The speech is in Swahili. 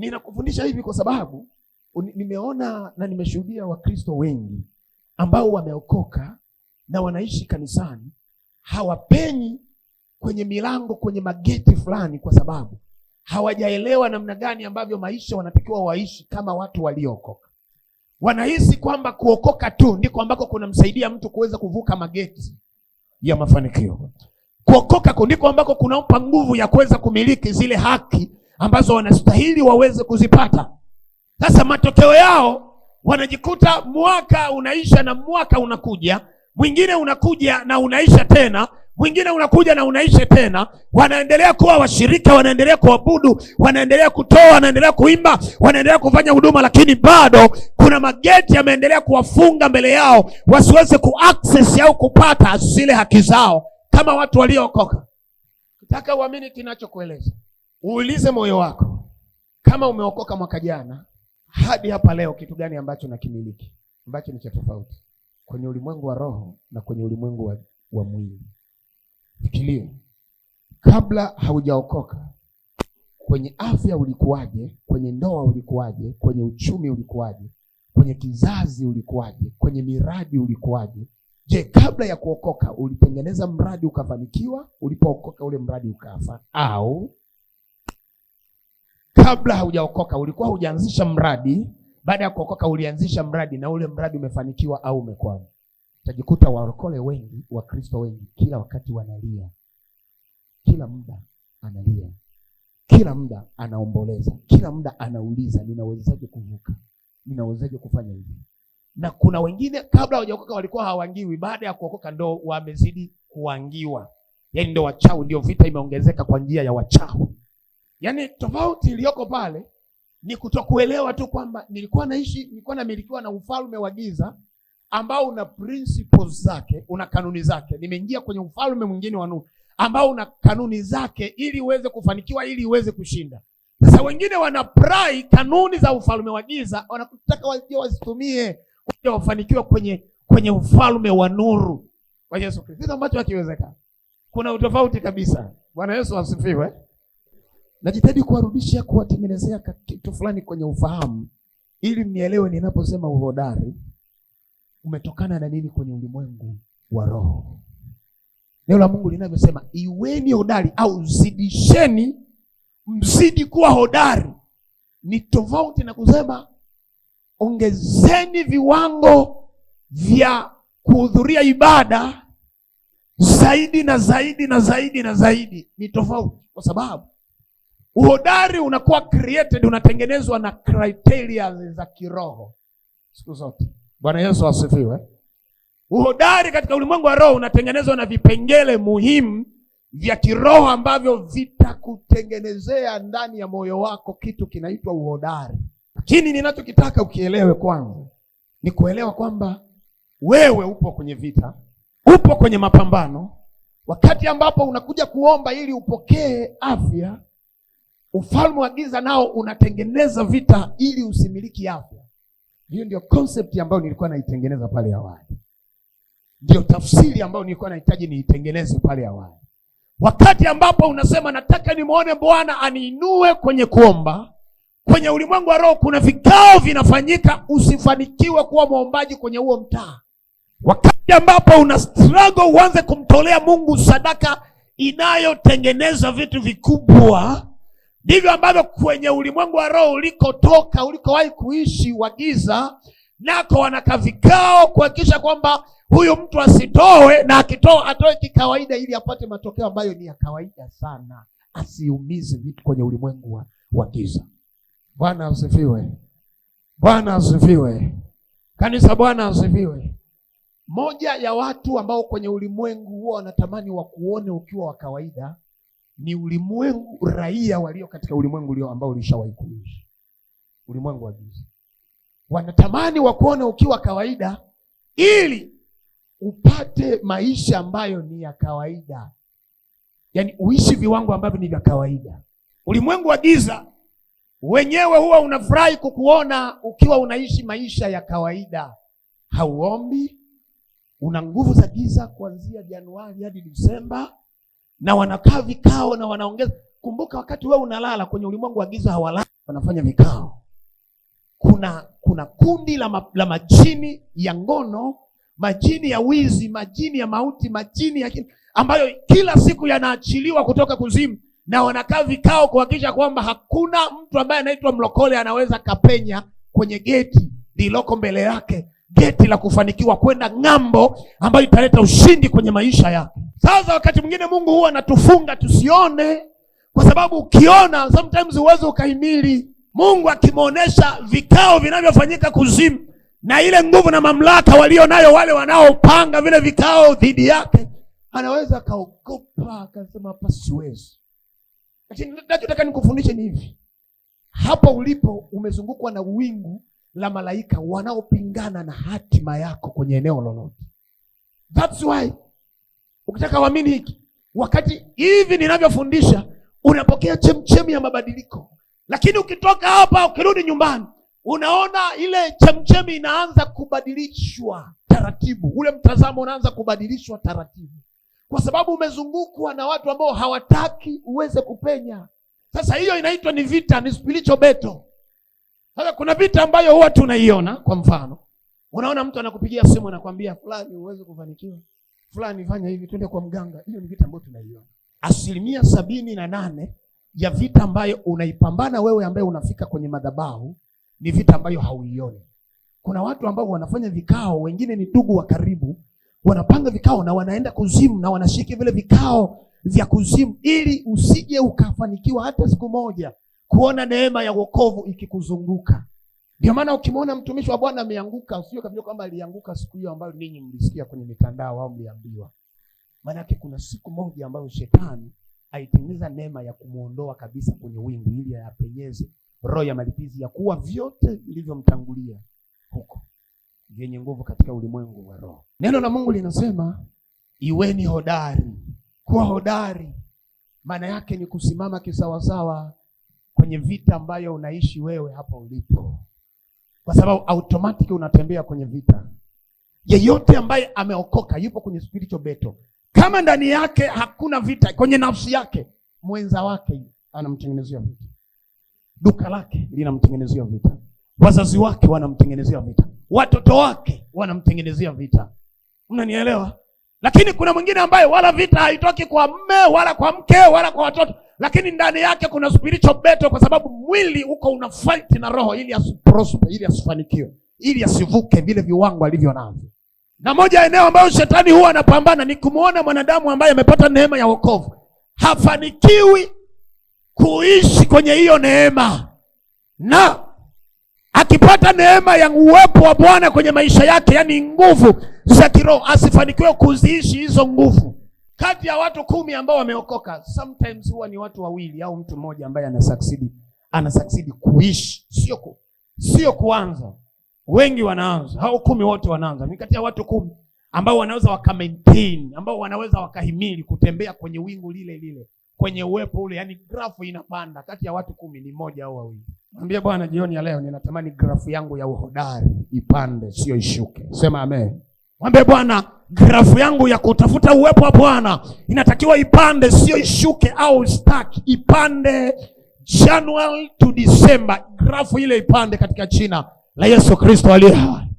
Ninakufundisha hivi kwa sababu nimeona na nimeshuhudia Wakristo wengi ambao wameokoka na wanaishi kanisani, hawapenyi kwenye milango, kwenye mageti fulani, kwa sababu hawajaelewa namna gani ambavyo maisha wanatakiwa waishi kama watu waliookoka. Wanahisi kwamba kuokoka tu ndiko ambako kunamsaidia mtu kuweza kuvuka mageti ya mafanikio. Kuokoka ndiko ambako kunampa nguvu ya kuweza kumiliki zile haki ambazo wanastahili waweze kuzipata. Sasa matokeo yao wanajikuta mwaka unaisha na mwaka unakuja mwingine unakuja na unaisha tena, mwingine unakuja na unaisha tena. Wanaendelea kuwa washirika, wanaendelea kuabudu, wanaendelea kutoa, wanaendelea kuimba, wanaendelea kufanya huduma, lakini bado kuna mageti yameendelea kuwafunga mbele yao wasiweze kuaccess au kupata zile haki zao kama watu waliookoka. Nataka uamini kinachokueleza. Uulize moyo wako kama umeokoka mwaka jana hadi hapa leo, kitu gani ambacho nakimiliki ambacho ni cha tofauti kwenye ulimwengu wa roho na kwenye ulimwengu wa, wa mwili. Fikiria kabla haujaokoka, kwenye afya ulikuwaje? Kwenye ndoa ulikuwaje? Kwenye uchumi ulikuwaje? Kwenye kizazi ulikuwaje? Kwenye miradi ulikuwaje? Je, kabla ya kuokoka ulitengeneza mradi ukafanikiwa? Ulipookoka ule mradi ukafa au Kabla haujaokoka ulikuwa hujaanzisha mradi, baada ya kuokoka ulianzisha mradi, na ule mradi umefanikiwa au umekwama. Utajikuta warokole wengi, Wakristo wengi, kila wakati wanalia, kila muda analia, kila muda anaomboleza, kila muda anauliza, ninawezaje kuvuka? Ninawezaje kufanya hivi? Na kuna wengine kabla hawajaokoka walikuwa hawangiwi, baada ya kuokoka ndo wamezidi kuangiwa. Yani ndo wachawi, ndio vita imeongezeka kwa njia ya wachawi. Yaani tofauti iliyoko pale ni kutokuelewa tu kwamba nilikuwa naishi, nilikuwa namilikiwa na ufalme wa giza ambao una principles zake, una kanuni zake. Nimeingia kwenye ufalme mwingine wa nuru ambao una kanuni zake, ili uweze kufanikiwa, ili uweze kushinda. Sasa wengine wanaprai kanuni za ufalme wa giza, wanataka waje wazitumie waje wafanikiwe kwenye kwenye ufalme wa nuru wa Yesu Kristo, kitu ambacho hakiwezekana. Kuna utofauti kabisa. Bwana Yesu asifiwe. Najitahidi kuwarudisha, kuwatengenezea kitu fulani kwenye ufahamu, ili mnielewe ninaposema uhodari umetokana na nini kwenye ulimwengu wa roho. Neno la Mungu linavyosema, iweni hodari au zidisheni, mzidi kuwa hodari, ni tofauti na kusema ongezeni viwango vya kuhudhuria ibada zaidi na zaidi na zaidi na zaidi. Ni tofauti kwa sababu Uhodari unakuwa created, unatengenezwa na criteria za kiroho siku zote. Bwana Yesu asifiwe. Uhodari katika ulimwengu wa roho unatengenezwa na vipengele muhimu vya kiroho ambavyo vitakutengenezea ndani ya moyo wako kitu kinaitwa uhodari. Lakini ninachokitaka ukielewe kwanza ni kuelewa kwamba wewe upo kwenye vita, upo kwenye mapambano. Wakati ambapo unakuja kuomba ili upokee afya Ufalme wa giza nao unatengeneza vita ili usimiliki afya. Hiyo ndio concept ambayo nilikuwa naitengeneza pale awali, ndio tafsiri ambayo nilikuwa nahitaji niitengeneze pale awali. Wakati ambapo unasema nataka nimwone Bwana aniinue kwenye kuomba, kwenye ulimwengu wa roho kuna vikao vinafanyika, usifanikiwe kuwa mwombaji kwenye huo mtaa. Wakati ambapo una struggle uanze kumtolea Mungu sadaka inayotengeneza vitu vikubwa ndivyo ambavyo kwenye ulimwengu wa roho ulikotoka, ulikowahi kuishi wa giza, nako wanakavikao vikao kuhakikisha kwamba huyu mtu asitoe, na akitoa atoe kikawaida, ili apate matokeo ambayo ni ya kawaida sana, asiumize vitu kwenye ulimwengu wa, wa giza. Bwana asifiwe! Bwana asifiwe! Kanisa, Bwana asifiwe! Moja ya watu ambao kwenye ulimwengu huwa wanatamani wakuone ukiwa wa kawaida ni ulimwengu, raia walio katika ulimwengu ulio ambao ulishawahi kuishi, ulimwengu wa giza. Wanatamani wakuone ukiwa kawaida, ili upate maisha ambayo ni ya kawaida, yaani uishi viwango ambavyo ni vya kawaida. Ulimwengu wa giza wenyewe huwa unafurahi kukuona ukiwa unaishi maisha ya kawaida, hauombi, una nguvu za giza kuanzia Januari hadi Disemba na wanakaa vikao na wanaongeza. Kumbuka wakati wewe unalala kwenye ulimwengu wa giza, hawalala, wanafanya vikao. Kuna kuna kundi la, ma, la majini ya ngono, majini ya wizi, majini ya mauti, majini ya ambayo kila siku yanaachiliwa kutoka kuzimu na wanakaa vikao kuhakikisha kwamba hakuna mtu ambaye anaitwa mlokole anaweza kapenya kwenye geti liloko mbele yake, geti la kufanikiwa kwenda ng'ambo ambayo italeta ushindi kwenye maisha yake. Sasa wakati mwingine Mungu huwa anatufunga tusione, kwa sababu ukiona sometimes uweze ukahimili. Mungu akimwonyesha vikao vinavyofanyika kuzimu na ile nguvu na mamlaka walio nayo wale wanaopanga vile vikao dhidi yake, anaweza akaogopa akasema, hapa siwezi. Lakini nataka nikufundishe ni hivi, hapa ulipo umezungukwa na wingu la malaika wanaopingana na hatima yako kwenye eneo lolote. That's why Ukitaka uamini hiki, wakati hivi ninavyofundisha unapokea chemchemi ya mabadiliko, lakini ukitoka hapa ukirudi nyumbani unaona ile chemchemi inaanza kubadilishwa taratibu, ule mtazamo unaanza kubadilishwa taratibu, kwa sababu umezungukwa na watu ambao hawataki uweze kupenya. Sasa hiyo inaitwa ni vita, ni spiritual battle. Sasa kuna vita ambayo huwa tunaiona. Kwa mfano, unaona mtu anakupigia simu anakwambia fulani, huwezi kufanikiwa fulani, fanya hivi, twende kwa mganga. Hiyo ni vita ambayo tunaiona. Asilimia sabini na nane ya vita ambayo unaipambana wewe ambaye unafika kwenye madhabahu ni vita ambayo hauioni. Kuna watu ambao wanafanya vikao, wengine ni ndugu wa karibu, wanapanga vikao na wanaenda kuzimu na wanashiriki vile vikao vya kuzimu, ili usije ukafanikiwa hata siku moja kuona neema ya wokovu ikikuzunguka. Ndio maana ukimwona mtumishi wa Bwana ameanguka usijue kabisa kwamba alianguka siku hiyo ambayo ninyi mlisikia kwenye mitandao au mliambiwa. Maanake kuna siku moja ambayo shetani aitimiza neema ya kumuondoa kabisa kwenye wingu ili ayapenyeze roho ya malipizi ya kuwa vyote vilivyomtangulia huko vyenye nguvu katika ulimwengu wa roho. Neno la Mungu linasema iweni hodari. Kuwa hodari maana yake ni kusimama kisawasawa kwenye vita ambayo unaishi wewe hapo ulipo kwa sababu automatically unatembea kwenye vita. Yeyote ambaye ameokoka yupo kwenye spiritual battle. Kama ndani yake hakuna vita kwenye nafsi yake, mwenza wake anamtengenezea vita, duka lake linamtengenezea vita, wazazi wake wanamtengenezea vita, watoto wake wanamtengenezea vita. Mnanielewa? Lakini kuna mwingine ambaye wala vita haitoki kwa mme wala kwa mke wala kwa watoto lakini ndani yake kuna spiritual battle, kwa sababu mwili uko una fight na roho ili asiprosper, ili asifanikiwe, ili asivuke vile viwango alivyo navyo. Na moja ya eneo ambayo shetani huwa anapambana ni kumwona mwanadamu ambaye amepata neema ya wokovu hafanikiwi kuishi kwenye hiyo neema, na akipata neema ya uwepo wa Bwana kwenye maisha yake, yaani nguvu za kiroho, asifanikiwe kuziishi hizo nguvu kati ya watu kumi ambao wameokoka, sometimes huwa ni watu wawili au mtu mmoja ambaye anasucceed, anasucceed kuishi, sio ku, sio kuanza. Wengi wanaanza hao kumi wote wanaanza, ni kati ya watu kumi ambao wanaweza waka maintain, ambao wanaweza wakahimili kutembea kwenye wingu lile lile, kwenye uwepo ule, yani grafu inapanda. Kati ya watu kumi ni moja au wawili. Mwambie Bwana, jioni ya leo ninatamani grafu yangu ya uhodari ipande, sio ishuke. Sema amen. Mwambie Bwana grafu yangu ya kutafuta uwepo wa Bwana inatakiwa ipande, sio ishuke au stack, ipande January to December, grafu ile ipande katika jina la Yesu Kristo aliye hai.